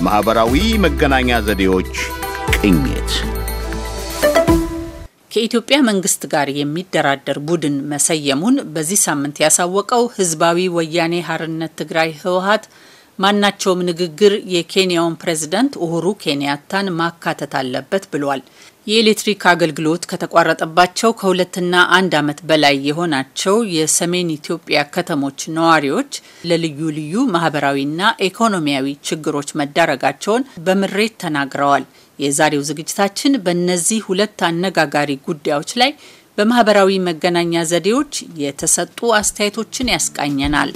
የማኅበራዊ መገናኛ ዘዴዎች ቅኝት ከኢትዮጵያ መንግስት ጋር የሚደራደር ቡድን መሰየሙን በዚህ ሳምንት ያሳወቀው ህዝባዊ ወያኔ ሀርነት ትግራይ ህወሀት ማናቸውም ንግግር የኬንያውን ፕሬዝደንት ኡሁሩ ኬንያታን ማካተት አለበት ብሏል። የኤሌክትሪክ አገልግሎት ከተቋረጠባቸው ከሁለትና አንድ ዓመት በላይ የሆናቸው የሰሜን ኢትዮጵያ ከተሞች ነዋሪዎች ለልዩ ልዩ ማህበራዊና ኢኮኖሚያዊ ችግሮች መዳረጋቸውን በምሬት ተናግረዋል። የዛሬው ዝግጅታችን በእነዚህ ሁለት አነጋጋሪ ጉዳዮች ላይ በማህበራዊ መገናኛ ዘዴዎች የተሰጡ አስተያየቶችን ያስቃኘናል።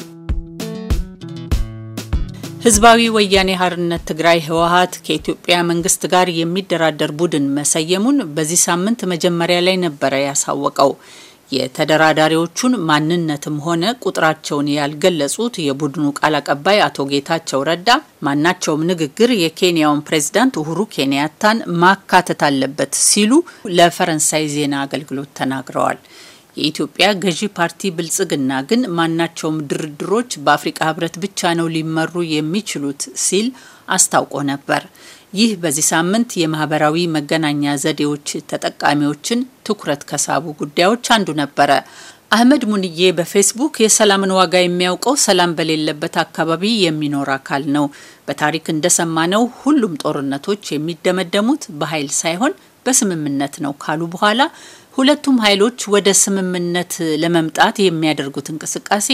ህዝባዊ ወያኔ ሀርነት ትግራይ ህወሀት ከኢትዮጵያ መንግስት ጋር የሚደራደር ቡድን መሰየሙን በዚህ ሳምንት መጀመሪያ ላይ ነበረ ያሳወቀው። የተደራዳሪዎቹን ማንነትም ሆነ ቁጥራቸውን ያልገለጹት የቡድኑ ቃል አቀባይ አቶ ጌታቸው ረዳ ማናቸውም ንግግር የኬንያውን ፕሬዝዳንት ኡሁሩ ኬንያታን ማካተት አለበት ሲሉ ለፈረንሳይ ዜና አገልግሎት ተናግረዋል። የኢትዮጵያ ገዢ ፓርቲ ብልጽግና ግን ማናቸውም ድርድሮች በአፍሪቃ ህብረት ብቻ ነው ሊመሩ የሚችሉት ሲል አስታውቆ ነበር። ይህ በዚህ ሳምንት የማህበራዊ መገናኛ ዘዴዎች ተጠቃሚዎችን ትኩረት ከሳቡ ጉዳዮች አንዱ ነበረ። አህመድ ሙንዬ በፌስቡክ የሰላምን ዋጋ የሚያውቀው ሰላም በሌለበት አካባቢ የሚኖር አካል ነው። በታሪክ እንደሰማነው ሁሉም ጦርነቶች የሚደመደሙት በኃይል ሳይሆን በስምምነት ነው ካሉ በኋላ ሁለቱም ኃይሎች ወደ ስምምነት ለመምጣት የሚያደርጉት እንቅስቃሴ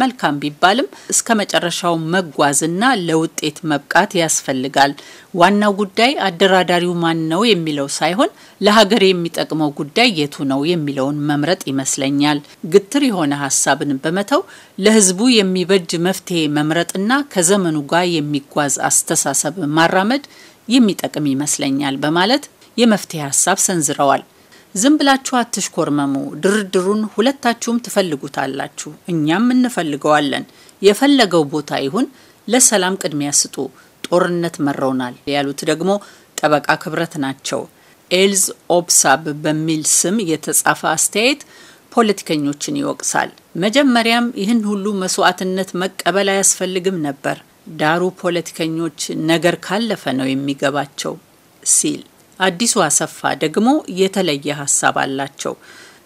መልካም ቢባልም እስከ መጨረሻው መጓዝና ለውጤት መብቃት ያስፈልጋል። ዋናው ጉዳይ አደራዳሪው ማን ነው የሚለው ሳይሆን ለሀገር የሚጠቅመው ጉዳይ የቱ ነው የሚለውን መምረጥ ይመስለኛል። ግትር የሆነ ሀሳብን በመተው ለሕዝቡ የሚበጅ መፍትሄ መምረጥና ከዘመኑ ጋር የሚጓዝ አስተሳሰብ ማራመድ የሚጠቅም ይመስለኛል በማለት የመፍትሄ ሀሳብ ሰንዝረዋል። ዝም ብላችሁ አትሽኮርመሙ። ድርድሩን ሁለታችሁም ትፈልጉታላችሁ፣ እኛም እንፈልገዋለን። የፈለገው ቦታ ይሁን፣ ለሰላም ቅድሚያ ስጡ። ጦርነት መረውናል ያሉት ደግሞ ጠበቃ ክብረት ናቸው። ኤልዝ ኦብሳብ በሚል ስም የተጻፈ አስተያየት ፖለቲከኞችን ይወቅሳል። መጀመሪያም ይህን ሁሉ መስዋዕትነት መቀበል አያስፈልግም ነበር፣ ዳሩ ፖለቲከኞች ነገር ካለፈ ነው የሚገባቸው ሲል አዲሱ አሰፋ ደግሞ የተለየ ሀሳብ አላቸው።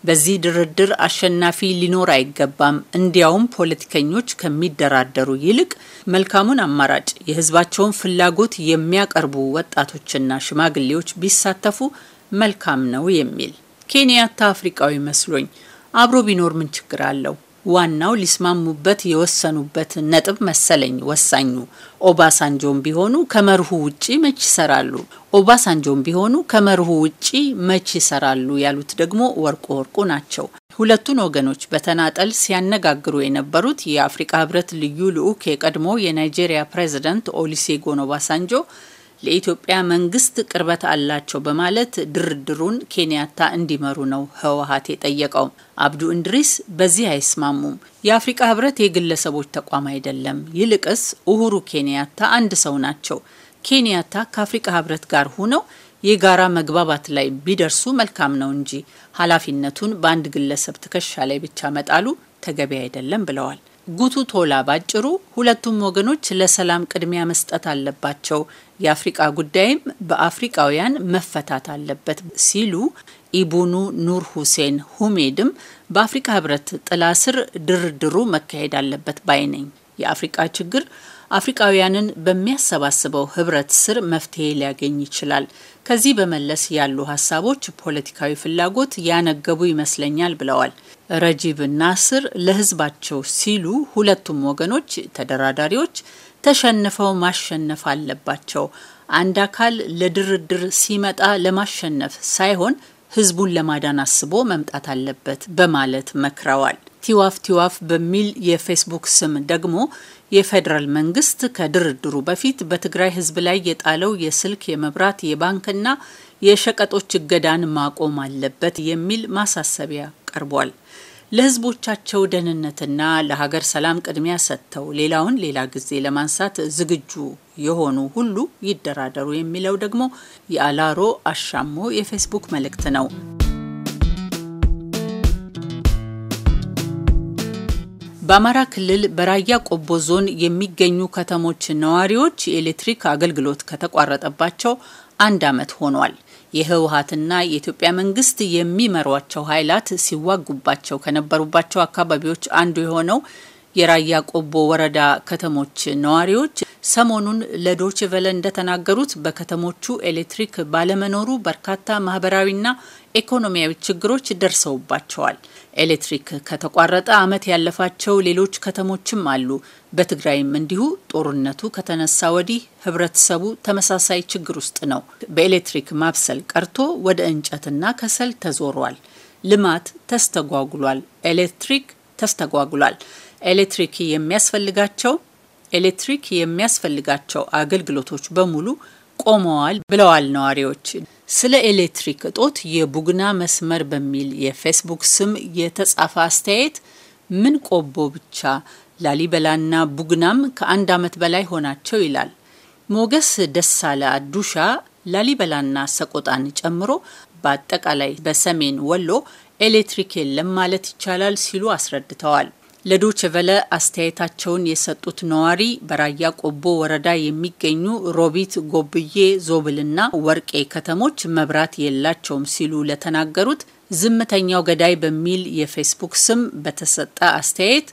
በዚህ ድርድር አሸናፊ ሊኖር አይገባም። እንዲያውም ፖለቲከኞች ከሚደራደሩ ይልቅ መልካሙን አማራጭ የህዝባቸውን ፍላጎት የሚያቀርቡ ወጣቶችና ሽማግሌዎች ቢሳተፉ መልካም ነው የሚል ኬንያታ አፍሪቃዊ መስሎኝ አብሮ ቢኖር ምን ችግር አለው? ዋናው ሊስማሙበት የወሰኑበት ነጥብ መሰለኝ ወሳኙ። ኦባሳንጆም ቢሆኑ ከመርሁ ውጪ መች ይሰራሉ? ኦባሳንጆም ቢሆኑ ከመርሁ ውጪ መች ይሰራሉ? ያሉት ደግሞ ወርቁ ወርቁ ናቸው። ሁለቱን ወገኖች በተናጠል ሲያነጋግሩ የነበሩት የአፍሪካ ህብረት ልዩ ልዑክ የቀድሞ የናይጄሪያ ፕሬዚደንት ኦሊሴጎን ኦባሳንጆ ለኢትዮጵያ መንግስት ቅርበት አላቸው በማለት ድርድሩን ኬንያታ እንዲመሩ ነው ህወሀት የጠየቀው። አብዱ እንድሪስ በዚህ አይስማሙም። የአፍሪቃ ህብረት የግለሰቦች ተቋም አይደለም፣ ይልቅስ ኡሁሩ ኬንያታ አንድ ሰው ናቸው። ኬንያታ ከአፍሪቃ ህብረት ጋር ሆነው የጋራ መግባባት ላይ ቢደርሱ መልካም ነው እንጂ ኃላፊነቱን በአንድ ግለሰብ ትከሻ ላይ ብቻ መጣሉ ተገቢ አይደለም ብለዋል። ጉቱ ቶላ ባጭሩ ሁለቱም ወገኖች ለሰላም ቅድሚያ መስጠት አለባቸው፣ የአፍሪቃ ጉዳይም በአፍሪቃውያን መፈታት አለበት ሲሉ ኢቡኑ ኑር ሁሴን ሁሜድም በአፍሪካ ህብረት ጥላ ስር ድርድሩ መካሄድ አለበት ባይ ነኝ። የአፍሪቃ ችግር አፍሪቃውያንን በሚያሰባስበው ህብረት ስር መፍትሄ ሊያገኝ ይችላል። ከዚህ በመለስ ያሉ ሀሳቦች ፖለቲካዊ ፍላጎት ያነገቡ ይመስለኛል ብለዋል ረጂብ ናስር። ለህዝባቸው ሲሉ ሁለቱም ወገኖች ተደራዳሪዎች ተሸንፈው ማሸነፍ አለባቸው። አንድ አካል ለድርድር ሲመጣ ለማሸነፍ ሳይሆን ህዝቡን ለማዳን አስቦ መምጣት አለበት በማለት መክረዋል። ቲዋፍ ቲዋፍ በሚል የፌስቡክ ስም ደግሞ የፌዴራል መንግስት ከድርድሩ በፊት በትግራይ ህዝብ ላይ የጣለው የስልክ፣ የመብራት፣ የባንክና የሸቀጦች እገዳን ማቆም አለበት የሚል ማሳሰቢያ ቀርቧል። ለህዝቦቻቸው ደህንነትና ለሀገር ሰላም ቅድሚያ ሰጥተው ሌላውን ሌላ ጊዜ ለማንሳት ዝግጁ የሆኑ ሁሉ ይደራደሩ የሚለው ደግሞ የአላሮ አሻሞ የፌስቡክ መልእክት ነው። በአማራ ክልል በራያ ቆቦ ዞን የሚገኙ ከተሞች ነዋሪዎች የኤሌክትሪክ አገልግሎት ከተቋረጠባቸው አንድ ዓመት ሆኗል። የህወሀትና የኢትዮጵያ መንግስት የሚመሯቸው ኃይላት ሲዋጉባቸው ከነበሩባቸው አካባቢዎች አንዱ የሆነው የራያ ቆቦ ወረዳ ከተሞች ነዋሪዎች ሰሞኑን ለዶች ቨለ እንደተናገሩት በከተሞቹ ኤሌክትሪክ ባለመኖሩ በርካታ ማህበራዊና ኢኮኖሚያዊ ችግሮች ደርሰውባቸዋል። ኤሌክትሪክ ከተቋረጠ ዓመት ያለፋቸው ሌሎች ከተሞችም አሉ። በትግራይም እንዲሁ ጦርነቱ ከተነሳ ወዲህ ህብረተሰቡ ተመሳሳይ ችግር ውስጥ ነው። በኤሌክትሪክ ማብሰል ቀርቶ ወደ እንጨትና ከሰል ተዞሯል። ልማት ተስተጓጉሏል። ኤሌክትሪክ ተስተጓጉሏል። ኤሌክትሪክ የሚያስፈልጋቸው ኤሌክትሪክ የሚያስፈልጋቸው አገልግሎቶች በሙሉ ቆመዋል ብለዋል ነዋሪዎች። ስለ ኤሌክትሪክ እጦት የቡግና መስመር በሚል የፌስቡክ ስም የተጻፈ አስተያየት ምን ቆቦ ብቻ ላሊበላና ቡግናም ከአንድ ዓመት በላይ ሆናቸው ይላል። ሞገስ ደሳለ አዱሻ ላሊበላና ሰቆጣን ጨምሮ በአጠቃላይ በሰሜን ወሎ ኤሌክትሪክ የለም ማለት ይቻላል ሲሉ አስረድተዋል። ለዶችቨለ አስተያየታቸውን የሰጡት ነዋሪ በራያ ቆቦ ወረዳ የሚገኙ ሮቢት፣ ጎብዬ፣ ዞብልና ወርቄ ከተሞች መብራት የላቸውም ሲሉ ለተናገሩት ዝምተኛው ገዳይ በሚል የፌስቡክ ስም በተሰጠ አስተያየት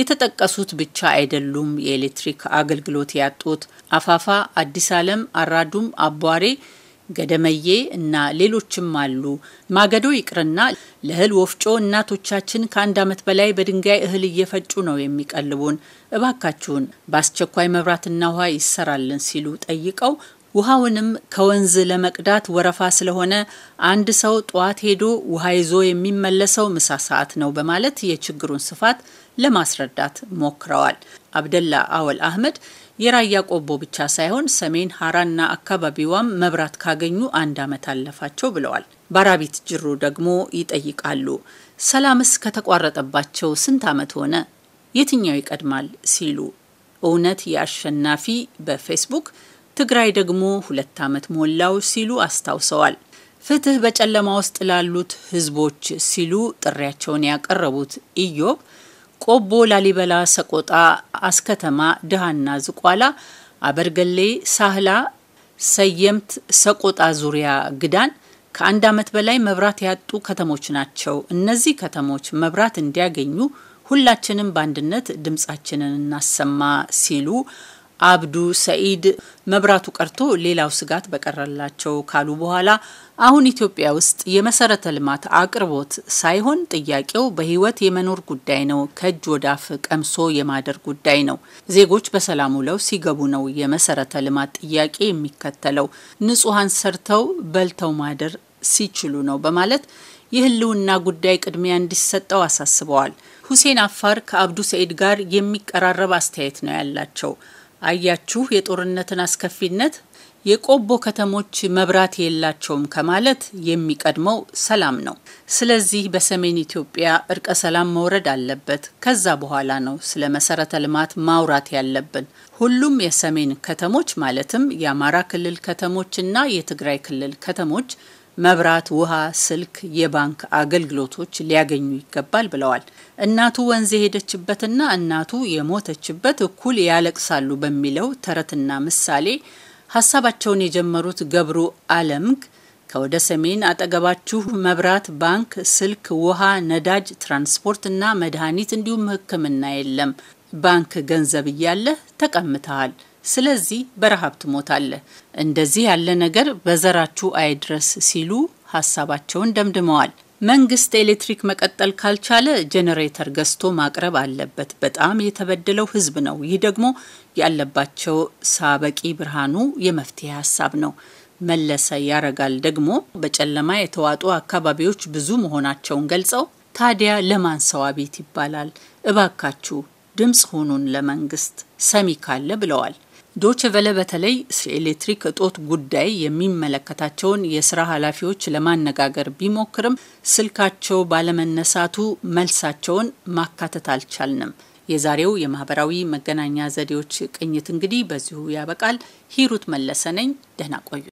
የተጠቀሱት ብቻ አይደሉም የኤሌክትሪክ አገልግሎት ያጡት አፋፋ፣ አዲስ ዓለም፣ አራዱም፣ አቧሬ ገደመዬ እና ሌሎችም አሉ። ማገዶ ይቅርና ለእህል ወፍጮ እናቶቻችን ከአንድ ዓመት በላይ በድንጋይ እህል እየፈጩ ነው የሚቀልቡን። እባካችሁን በአስቸኳይ መብራትና ውሃ ይሰራልን ሲሉ ጠይቀው ውሃውንም ከወንዝ ለመቅዳት ወረፋ ስለሆነ አንድ ሰው ጠዋት ሄዶ ውሃ ይዞ የሚመለሰው ምሳ ሰዓት ነው በማለት የችግሩን ስፋት ለማስረዳት ሞክረዋል። አብደላ አወል አህመድ የራያ ቆቦ ብቻ ሳይሆን ሰሜን ሀራና አካባቢዋም መብራት ካገኙ አንድ ዓመት አለፋቸው ብለዋል። ባራቢት ጅሩ ደግሞ ይጠይቃሉ። ሰላምስ ከተቋረጠባቸው ስንት ዓመት ሆነ? የትኛው ይቀድማል ሲሉ እውነት የአሸናፊ በፌስቡክ ትግራይ ደግሞ ሁለት ዓመት ሞላው ሲሉ አስታውሰዋል። ፍትህ በጨለማ ውስጥ ላሉት ህዝቦች ሲሉ ጥሪያቸውን ያቀረቡት ኢዮብ ቆቦ፣ ላሊበላ፣ ሰቆጣ፣ አስከተማ፣ ድሃና ዝቋላ፣ አበርገሌ፣ ሳህላ፣ ሰየምት፣ ሰቆጣ ዙሪያ፣ ግዳን ከአንድ ዓመት በላይ መብራት ያጡ ከተሞች ናቸው። እነዚህ ከተሞች መብራት እንዲያገኙ ሁላችንም በአንድነት ድምፃችንን እናሰማ ሲሉ አብዱ ሰኢድ መብራቱ ቀርቶ ሌላው ስጋት በቀረላቸው ካሉ በኋላ አሁን ኢትዮጵያ ውስጥ የመሰረተ ልማት አቅርቦት ሳይሆን ጥያቄው በህይወት የመኖር ጉዳይ ነው። ከእጅ ወዳፍ ቀምሶ የማደር ጉዳይ ነው። ዜጎች በሰላም ውለው ሲገቡ ነው የመሰረተ ልማት ጥያቄ የሚከተለው። ንጹሐን ሰርተው በልተው ማደር ሲችሉ ነው በማለት የህልውና ጉዳይ ቅድሚያ እንዲሰጠው አሳስበዋል። ሁሴን አፋር ከአብዱ ሰኢድ ጋር የሚቀራረብ አስተያየት ነው ያላቸው። አያችሁ የጦርነትን አስከፊነት የቆቦ ከተሞች መብራት የላቸውም ከማለት የሚቀድመው ሰላም ነው። ስለዚህ በሰሜን ኢትዮጵያ እርቀ ሰላም መውረድ አለበት። ከዛ በኋላ ነው ስለ መሰረተ ልማት ማውራት ያለብን። ሁሉም የሰሜን ከተሞች ማለትም የአማራ ክልል ከተሞችና የትግራይ ክልል ከተሞች መብራት፣ ውሃ፣ ስልክ፣ የባንክ አገልግሎቶች ሊያገኙ ይገባል ብለዋል። እናቱ ወንዝ የሄደችበትና እናቱ የሞተችበት እኩል ያለቅሳሉ በሚለው ተረትና ምሳሌ ሀሳባቸውን የጀመሩት ገብሩ አለምግ ከወደ ሰሜን አጠገባችሁ መብራት፣ ባንክ፣ ስልክ፣ ውሃ፣ ነዳጅ፣ ትራንስፖርት እና መድኃኒት እንዲሁም ሕክምና የለም። ባንክ ገንዘብ እያለህ ተቀምተሃል። ስለዚህ በረሃብ ትሞታለህ። እንደዚህ ያለ ነገር በዘራችሁ አይድረስ ሲሉ ሀሳባቸውን ደምድመዋል። መንግስት ኤሌክትሪክ መቀጠል ካልቻለ ጄኔሬተር ገዝቶ ማቅረብ አለበት። በጣም የተበደለው ህዝብ ነው። ይህ ደግሞ ያለባቸው ሳበቂ ብርሃኑ የመፍትሄ ሀሳብ ነው። መለሰ ያረጋል ደግሞ በጨለማ የተዋጡ አካባቢዎች ብዙ መሆናቸውን ገልጸው ታዲያ ለማንሰዋ ቤት ይባላል። እባካችሁ ድምፅ ሆኑን ለመንግስት ሰሚ ካለ ብለዋል። ዶችቨለ በተለይ ስለ ኤሌክትሪክ እጦት ጉዳይ የሚመለከታቸውን የስራ ኃላፊዎች ለማነጋገር ቢሞክርም ስልካቸው ባለመነሳቱ መልሳቸውን ማካተት አልቻልንም። የዛሬው የማህበራዊ መገናኛ ዘዴዎች ቅኝት እንግዲህ በዚሁ ያበቃል። ሂሩት መለሰ ነኝ። ደህና ቆዩ።